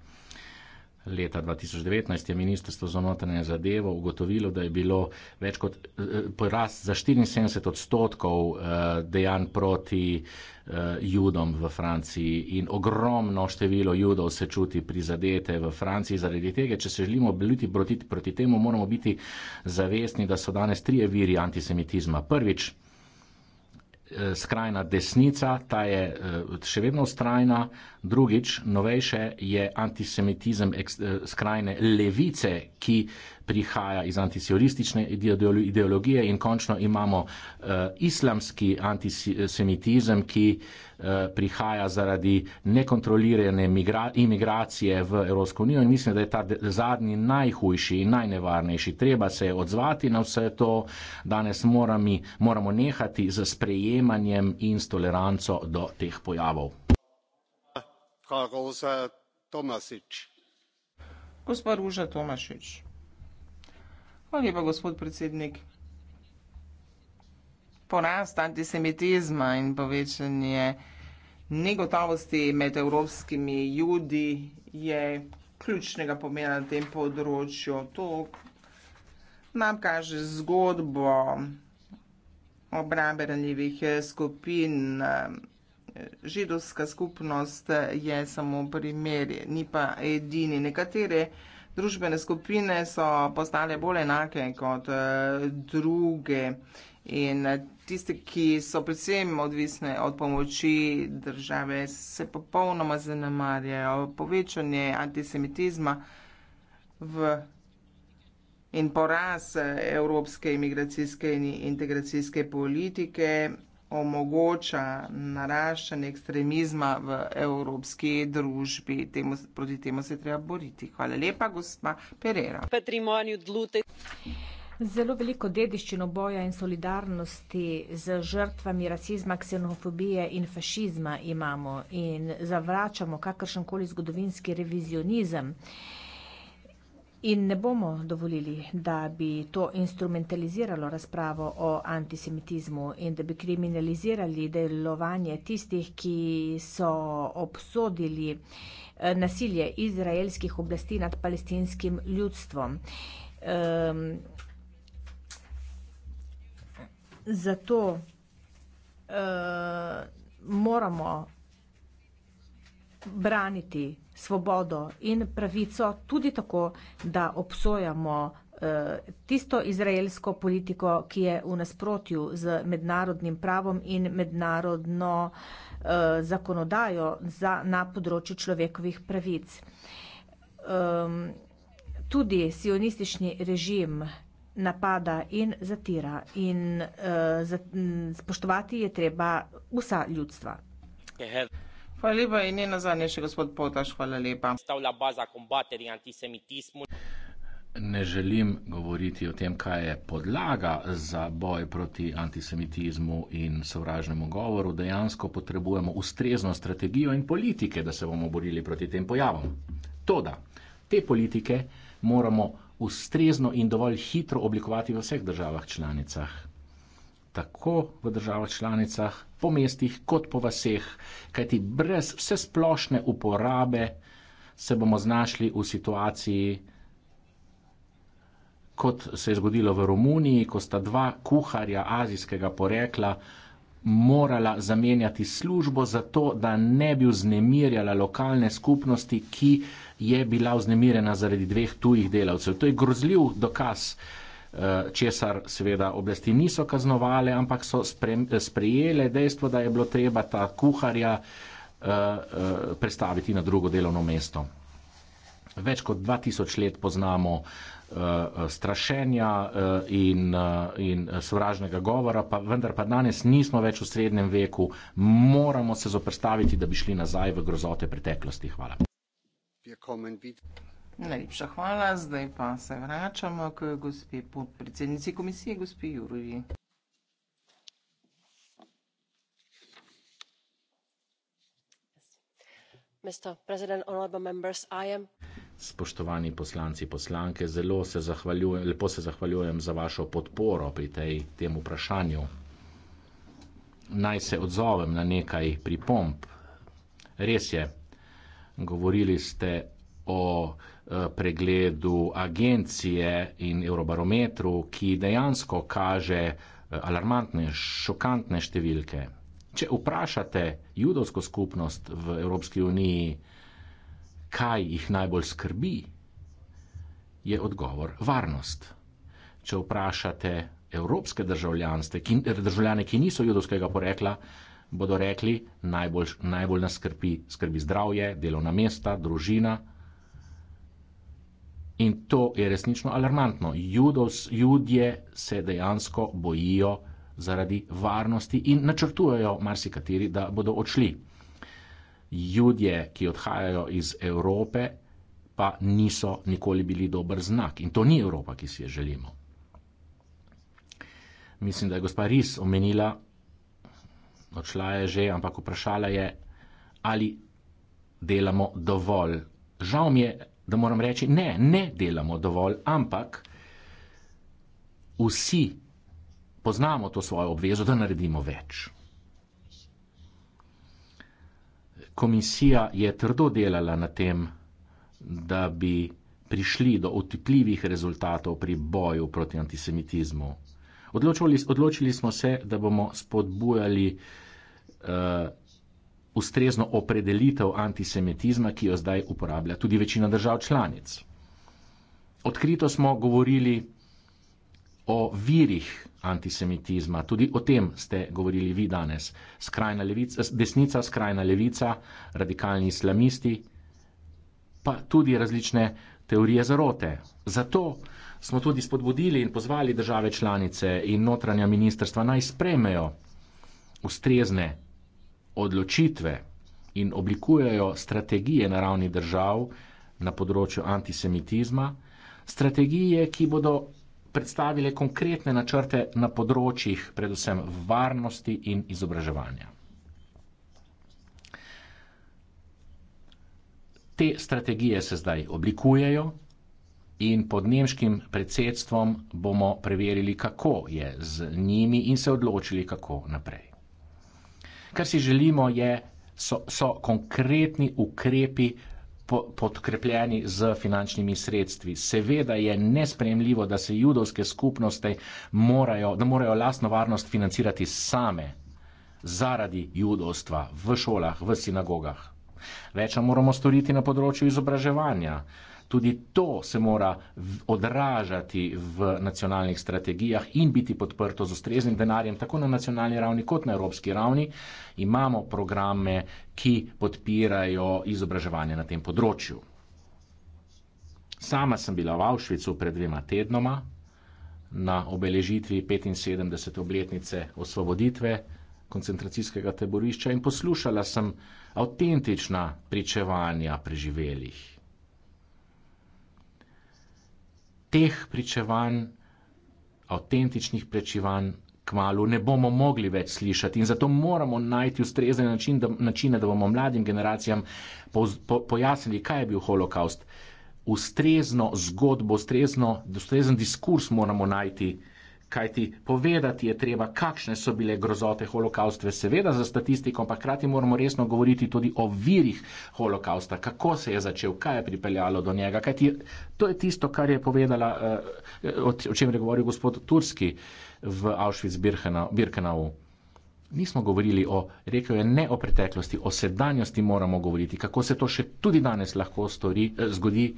Leta 2019 je Ministrstvo za notranje zadevo ugotovilo, da je bilo več kot eh, porast za 74 odstotkov eh, dejanj proti eh, judom v Franciji in ogromno število judov se čuti prizadete v Franciji. Zaradi tega, če se želimo biti brotiti proti temu, moramo biti zavestni, da so danes trije viri antisemitizma. Prvič, Eh, skrajna desnica, ta je eh, še vedno ustrajna, drugič, novejše je antisemitizem eh, skrajne levice, ki prihaja iz antisionistične ideologije in končno imamo uh, islamski antisemitizem, ki uh, prihaja zaradi nekontrolirane migra imigracije v Evropsko unijo in mislim, da je ta zadnji najhujši in najnevarnejši. Treba se odzvati na vse to. Danes morami, moramo nehati z sprejemanjem in s toleranco do teh pojavov. Kako se Tomasič? Gospod Ruža Tomasič. Hvala lepa, gospod predsednik. Porast antisemitizma in povečanje negotovosti med evropskimi judi je ključnega pomena na tem področju. To nam kaže zgodbo obrambe ranljivih eh, skupin. Židovska skupnost je samo primer, ni pa edini. Nekatere Družbene skupine so postale bolj enake kot eh, druge in eh, tiste, ki so predvsem odvisne od pomoči države, se popolnoma zanemarjajo. Povečanje antisemitizma v in poraz eh, evropske imigracijske in integracijske politike omogoča naraščanje ekstremizma v evropski družbi. Temu, proti temu se treba boriti. Hvala lepa, gospa Pereira. Zelo veliko dediščino boja in solidarnosti z žrtvami rasizma, ksenofobije in fašizma imamo in zavračamo kakršen koli zgodovinski revizionizem. Uh, In ne bomo dovolili, da bi to instrumentaliziralo razpravo o antisemitizmu in da bi kriminalizirali delovanje tistih, ki so obsodili eh, nasilje izraelskih oblasti nad palestinskim ljudstvom. Um, zato uh, moramo braniti svobodo in pravico tudi tako, da obsojamo eh, tisto izraelsko politiko, ki je v nasprotju z mednarodnim pravom in mednarodno eh, zakonodajo za, na področju človekovih pravic. Ehm, tudi sionistični režim napada in zatira in eh, spoštovati je treba vsa ljudstva. Okay, Hvala lepa in ne nazadnje še gospod Potaš, hvala lepa. Stavlja baza kombaterji antisemitizmu. Ne želim govoriti o tem, kaj je podlaga za boj proti antisemitizmu in sovražnemu govoru. Dejansko potrebujemo ustrezno strategijo in politike, da se bomo borili proti tem pojavom. Toda te politike moramo ustrezno in dovolj hitro oblikovati v vseh državah članicah. Tako v državah članicah, po mestih kot po vseh, kajti brez vse splošne uporabe se bomo znašli v situaciji, kot se je zgodilo v Romuniji, ko sta dva kuharja azijskega porekla morala zamenjati službo zato, da ne bi vznemirjala lokalne skupnosti, ki je bila vznemirjena zaradi dveh tujih delavcev. To je grozljiv dokaz, Eh, česar seveda oblasti niso kaznovale, ampak so eh, sprejele dejstvo, da je bilo treba ta kuharja eh, prestaviti na drugo delovno mesto. Več kot 2000 let poznamo strašenja in, in sovražnega govora, pa vendar pa danes nismo več v srednjem veku, moramo se zoprstaviti, da bi šli nazaj v grozote preteklosti. Hvala. Najlepša hvala, zdaj pa se vračamo k gospe podpredsednici komisije, gospe Jurovi. Spoštovani poslanci, poslanke, zelo se zahvaljujem, lepo se zahvaljujem za vašo podporo pri tej, tem vprašanju. Naj se odzovem na nekaj pripomp. Res je, govorili ste o Eh, pregledu agencije in eurobarometru, ki dejansko kaže eh, alarmantne, šokantne številke. Če vprašate judovsko skupnost v Evropski uniji, kaj jih najbolj skrbi, je odgovor varnost. Če vprašate evropske ki, državljane, ki niso judovskega porekla, bodo rekli, najbolj, najbolj nas skrbi, skrbi zdravje, delovna mesta, družina, In to je resnično alarmantno. Judos, judje se dejansko bojijo zaradi varnosti in načrtujejo marsikateri, da bodo odšli. Judje, ki odhajajo iz Evrope, pa niso nikoli bili dober znak. In to ni Evropa, ki si je želimo. Mislim, da je gospa Ris omenila, odšla je že, ampak vprašala je, ali delamo dovolj. Žal mi je, da moram reči, ne, ne delamo dovolj, ampak vsi poznamo to svojo obvezo, da naredimo več. Komisija je trdo delala na tem, da bi prišli do otipljivih rezultatov pri boju proti antisemitizmu. Odločili, odločili smo se, da bomo spodbujali uh, ustrezno opredelitev antisemitizma, ki jo zdaj uporablja tudi večina držav članic. Odkrito smo govorili o virih antisemitizma, tudi o tem ste govorili vi danes. Skrajna levica, desnica, skrajna levica, radikalni islamisti, pa tudi različne teorije zarote. Zato smo tudi spodbudili in pozvali države članice in notranja ministrstva naj spremejo ustrezne odločitve in oblikujejo strategije na ravni držav na področju antisemitizma, strategije, ki bodo predstavile konkretne načrte na področjih predvsem varnosti in izobraževanja. Te strategije se zdaj oblikujejo in pod nemškim predsedstvom bomo preverili, kako je z njimi in se odločili, kako naprej. Kar si želimo, je, so, so konkretni ukrepi podkrepljeni z finančnimi sredstvi. Seveda je nespremljivo, da se judovske skupnosti morajo, da morajo lastno varnost financirati same zaradi judovstva v šolah, v sinagogah. Več moramo storiti na področju izobraževanja. Tudi to se mora odražati v nacionalnih strategijah in biti podprto z ustreznim denarjem, tako na nacionalni ravni kot na evropski ravni. Imamo programe, ki podpirajo izobraževanje na tem področju. Sama sem bila v Avšvicu pred dvema tednoma na obeležitvi 75. obletnice osvoboditve koncentracijskega taborišča in poslušala sem avtentična pričevanja preživelih. teh pričevanj, avtentičnih pričevanj, kmalo ne bomo mogli več slišati. In zato moramo najti ustrezne način, načine, da bomo mladim generacijam pojasnili, kaj je bil holokaust. Ustrezno zgodbo, ustrezno, ustrezen diskurs moramo najti. Kajti povedati je treba, kakšne so bile grozote holokaustve, seveda za statistiko, ampak hkrati moramo resno govoriti tudi o virih holokausta, kako se je začel, kaj je pripeljalo do njega. Kajti to je tisto, kar je povedala, eh, o čem je govoril gospod Turski v Auschwitz-Birkenau. Nismo govorili o, rekel je, ne o preteklosti, o sedanjosti moramo govoriti, kako se to še tudi danes lahko stori, eh, zgodi.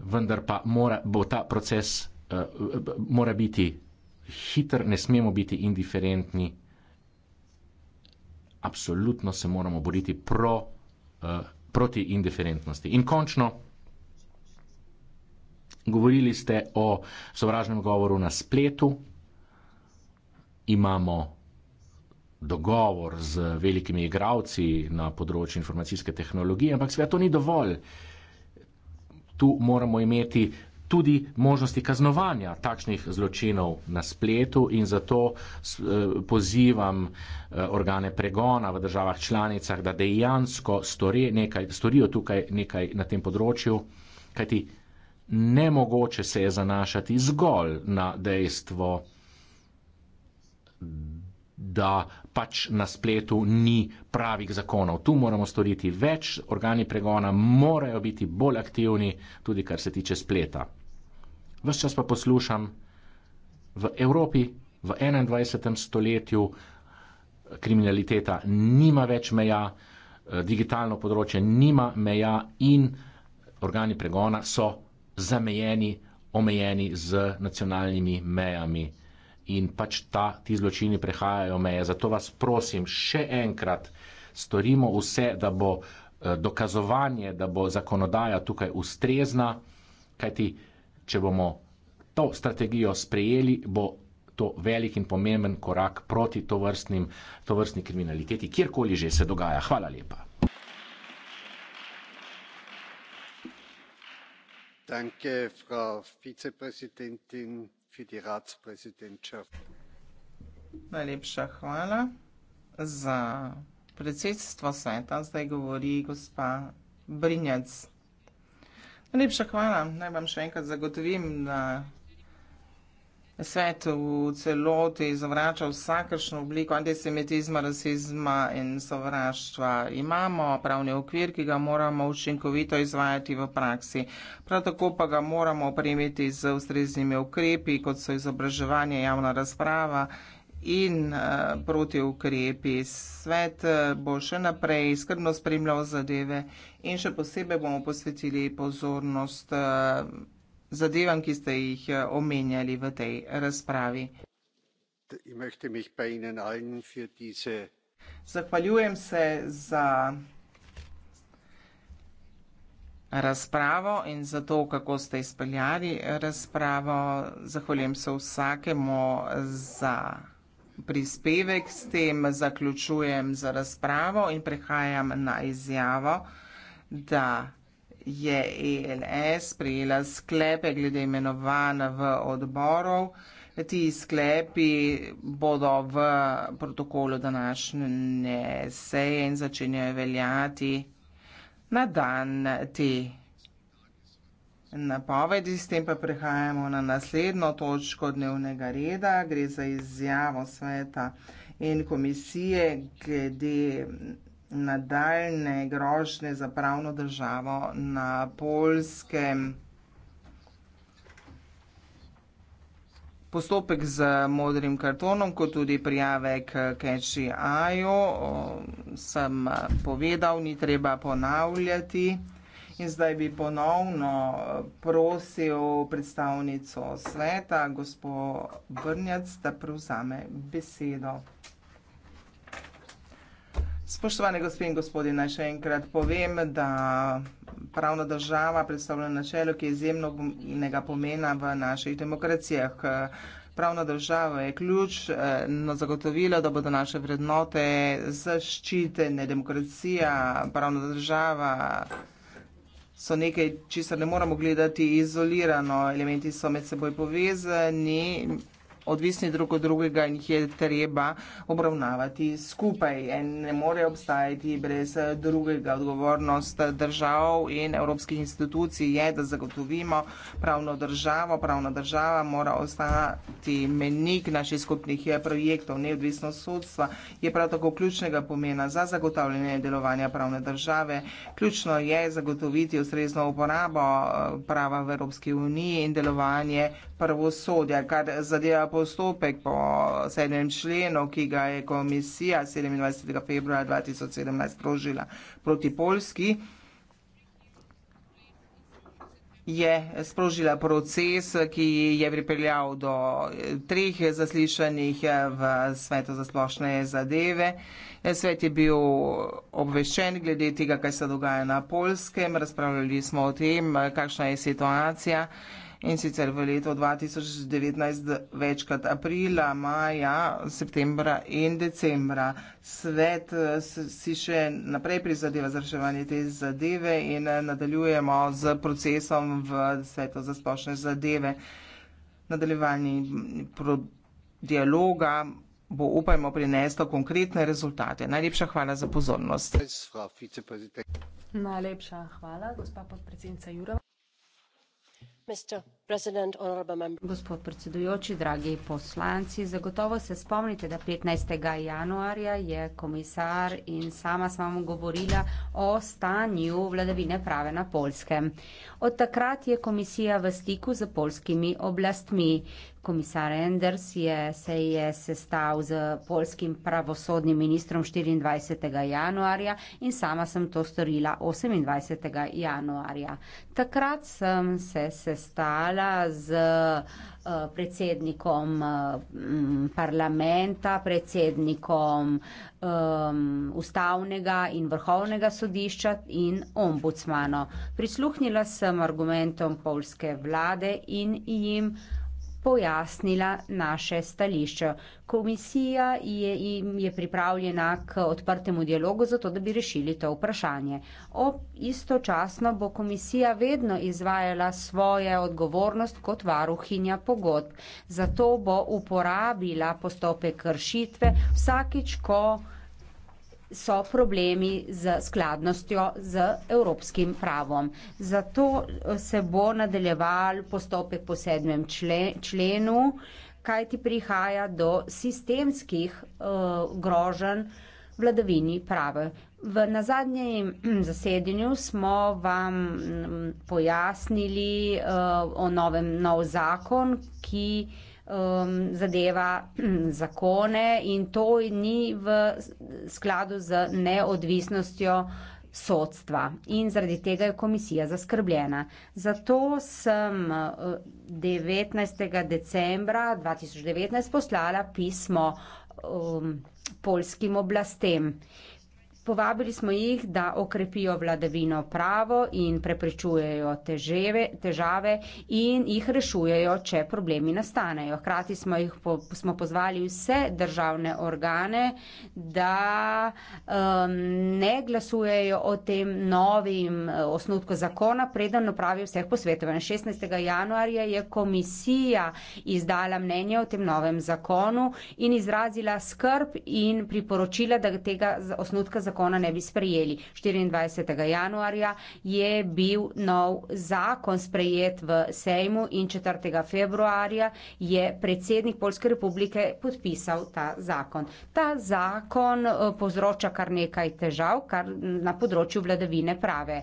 Vendar pa mora, bo ta proces Eh, mora biti hiter, ne smemo biti indiferentni. Absolutno se moramo boriti pro, uh, proti indiferentnosti. In končno, govorili ste o sovražnem govoru na spletu. Imamo dogovor z velikimi igravci na področju informacijske tehnologije, ampak sveto ni dovolj. Tu moramo imeti tudi možnosti kaznovanja takšnih zločinov na spletu in zato eh, pozivam eh, organe pregona v državah članicah, da dejansko stori nekaj, storijo tukaj nekaj na tem področju, kajti nemogoče se je zanašati zgolj na dejstvo, da pač na spletu ni pravih zakonov. Tu moramo storiti več, organi pregona morajo biti bolj aktivni, tudi kar se tiče spleta. Ves čas pa poslušam v Evropi, v 21. stoletju, eh, kriminaliteta nima več meja, eh, digitalno področje nima meja in organi pregona so zamejeni, omejeni z nacionalnimi mejami. In pač ta, ti zločini prehajajo meje. Zato vas prosim, še enkrat storimo vse, da bo eh, dokazovanje, da bo zakonodaja tukaj ustrezna, kajti če bomo to strategijo sprejeli, bo to velik in pomemben korak proti tovrstnim, tovrstni kriminaliteti, kjerkoli že se dogaja. Hvala lepa. Danke, Najlepša hvala za predsedstvo sveta. Zdaj govori gospa Brinjac. Najlepša hvala. Naj vam še enkrat zagotovim, da svet v celoti zavrača vsakršno obliko antisemitizma, rasizma in sovraštva. Imamo pravni okvir, ki ga moramo učinkovito izvajati v praksi. Prav tako pa ga moramo opremiti z ustreznimi ukrepi, kot so izobraževanje, javna razprava in eh, proti ukrepi. Svet eh, bo še naprej skrbno spremljal zadeve in še posebej bomo posvetili pozornost eh, zadevam, ki ste jih omenjali v tej razpravi. Zahvaljujem se za razpravo in za to, kako ste izpeljali razpravo. Zahvaljujem se vsakemu za razpravo prispevek, s tem zaključujem za razpravo in prehajam na izjavo, da je ELS prijela sklepe glede imenovanja v odborov. Ti sklepi bodo v protokolu današnje seje in začenjajo veljati na dan te napovedi, s tem pa prehajamo na naslednjo točko dnevnega reda. Gre za izjavo sveta in komisije glede nadaljne grožne za pravno državo na polskem. Postopek z modrim kartonom, kot tudi prijave k Keči Ajo, sem eh, povedal, ni treba ponavljati. In zdaj bi ponovno eh, prosil predstavnico sveta, gospo Brnjac, da prevzame besedo. Spoštovane gospe in gospodi, naj še enkrat povem, da pravna država predstavlja načelo, ki je izjemnega pomena v naših demokracijah. Pravna država je ključ eh, na zagotovilo, da bodo naše vrednote zaščitene. Demokracija, pravna država so nekaj, česar ne moramo gledati izolirano. Elementi so med seboj povezani, odvisni drug od drugega in jih je treba obravnavati skupaj. En ne more obstajati brez drugega. Odgovornost držav in evropskih institucij je, da zagotovimo pravno državo. Pravna država mora ostati menik naših skupnih projektov. Neodvisnost sodstva je prav tako ključnega pomena za zagotavljanje delovanja pravne države. Ključno je zagotoviti ustrezno uporabo eh, prava v Evropski uniji in delovanje prvosodja, kar zadeva postopek po sedmem členu, ki ga je komisija 27. februarja 2017 sprožila proti Poljski, je sprožila proces, ki je pripeljal do treh zaslišanih v Svetu za splošne zadeve. Svet je bil obveščen glede tega, kaj se dogaja na Poljskem. Razpravljali smo o tem, kakšna je situacija in sicer v letu 2019 večkrat aprila, maja, septembra in decembra. Svet eh, si še naprej prizadeva za reševanje te zadeve in eh, nadaljujemo z procesom v svetu za splošne zadeve. Nadaljevanje dialoga bo upajmo prineslo konkretne rezultate. Najlepša hvala za pozornost. Najlepša hvala, gospa podpredsednica Jurova mr Gospod predsedujoči, dragi poslanci, zagotovo se spomnite, da 15. januarja je komisar in sama sem vam govorila o stanju vladavine prave na Polskem. Od takrat je komisija v stiku z polskimi oblastmi. Komisar Enders je, se je sestal z polskim pravosodnim ministrom 24. januarja in sama sem to storila 28. januarja. Takrat sem se sestal sodelovala z eh, predsednikom eh, parlamenta, predsednikom ustavnega in vrhovnega sodišča in ombudsmano. Prisluhnila sem argumentom polske vlade in jim pojasnila naše stališče. Komisija je, je pripravljena k odprtemu dialogu, zato da bi rešili to vprašanje. Ob istočasno bo komisija vedno izvajala svoje odgovornost kot varuhinja pogodb. Zato bo uporabila postopek kršitve vsakič, ko so problemi z skladnostjo z evropskim pravom. Zato eh, se bo nadaljeval postopek po sedmem členu, kaj ti prihaja do sistemskih uh, eh, grožen vladavini prave. V nazadnjem hm, zasedanju smo vam hm, pojasnili uh, o novem nov zakon, ki uh, um, zadeva um, zakone in to ni v skladu z neodvisnostjo sodstva. In zaradi tega je komisija zaskrbljena. Zato sem 19. Uh, decembra 2019 poslala pismo um, polskim oblastem. Uh, Povabili smo jih, da okrepijo vladavino pravo in preprečujejo težave, težave in jih rešujejo, če problemi nastanejo. Hkrati smo, jih, po, smo pozvali vse državne organe, da um, ne glasujejo o tem novim eh, osnutku zakona, preden napravijo vseh posvetovanj. 16. januarja je komisija izdala mnenje o tem novem zakonu in izrazila skrb in priporočila, da tega osnutka zakona zakona ne bi sprejeli. 24. januarja je bil nov zakon sprejet v sejmu in 4. februarja je predsednik Polske republike podpisal ta zakon. Ta zakon eh, povzroča kar nekaj težav, kar na področju vladavine prave.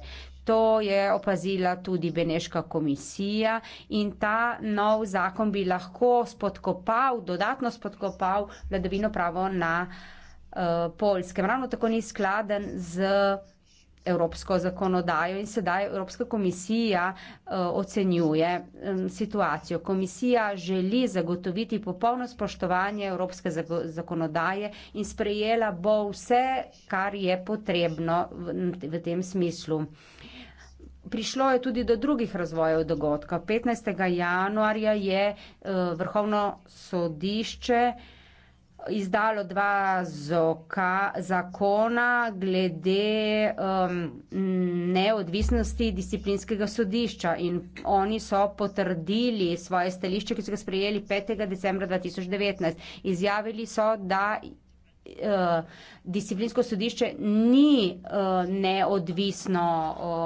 To je opazila tudi Beneška komisija in ta nov zakon bi lahko spodkopal, dodatno spodkopal vladavino pravo na. Eh, Poljske. Ravno tako ni skladen z evropsko zakonodajo in sedaj Evropska komisija eh, ocenjuje situacijo. Komisija želi zagotoviti popolno spoštovanje evropske zakonodaje in sprejela bo vse, kar je potrebno v tem smislu. Prišlo je tudi do drugih razvojev dogodka. 15. januarja je eh, vrhovno sodišče izdalo dva zoka, zakona glede um, neodvisnosti disciplinskega sodišča in oni so potrdili svoje stališče, ki so ga sprejeli 5. decembra 2019. Izjavili so, da uh, disciplinsko sodišče ni uh, neodvisno,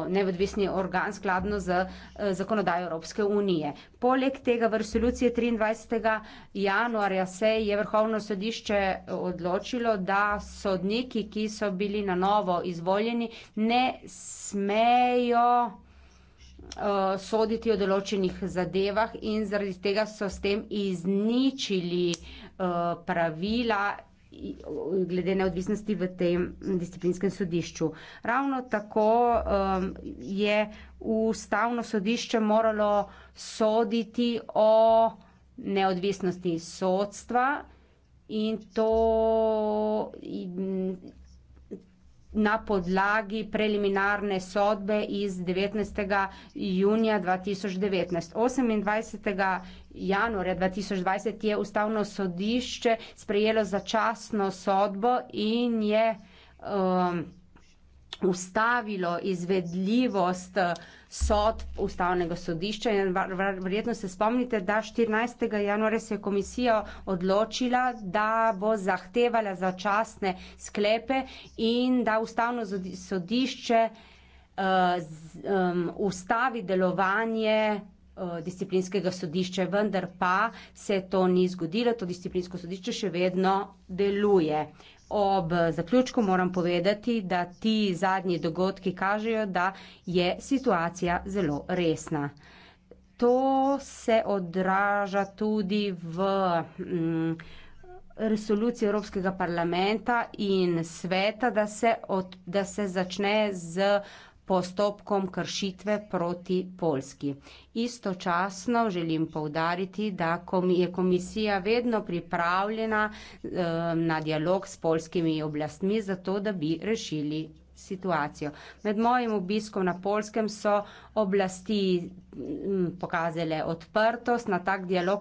uh, neodvisni organ skladno z uh, zakonodajo Evropske unije. Poleg tega v resoluciji 23. januarja se je Vrhovno sodišče odločilo, da sodniki, ki so bili na novo izvoljeni, ne smejo soditi o določenih zadevah in zaradi tega so s tem izničili uh, pravila glede neodvisnosti v tem disciplinskem sodišču. Ravno tako um, je ustavno sodišče moralo soditi o neodvisnosti sodstva in to na podlagi preliminarne sodbe iz 19. junija 2019. 28 januarja 2020 je ustavno sodišče sprejelo začasno sodbo in je um, ustavilo izvedljivost uh, sod ustavnega sodišča. Verjetno se spomnite, da 14. januarja se je komisija odločila, da bo zahtevala začasne sklepe in da ustavno sodišče uh, z, um, ustavi delovanje Eh, disciplinskega sodišča, vendar pa se to ni zgodilo, to disciplinsko sodišče še vedno deluje. Ob zaključku moram povedati, da ti zadnji dogodki kažejo, da je situacija zelo resna. To se odraža tudi v mm, resoluciji Evropskega parlamenta in sveta, da se, od, da se začne z postopkom kršitve proti Polski. Istočasno želim povdariti, da je komisija vedno pripravljena eh, na dialog s polskimi oblastmi, zato da bi rešili situacijo. Med mojim obiskom na Polskem so oblasti mm, pokazale odprtost na tak dialog.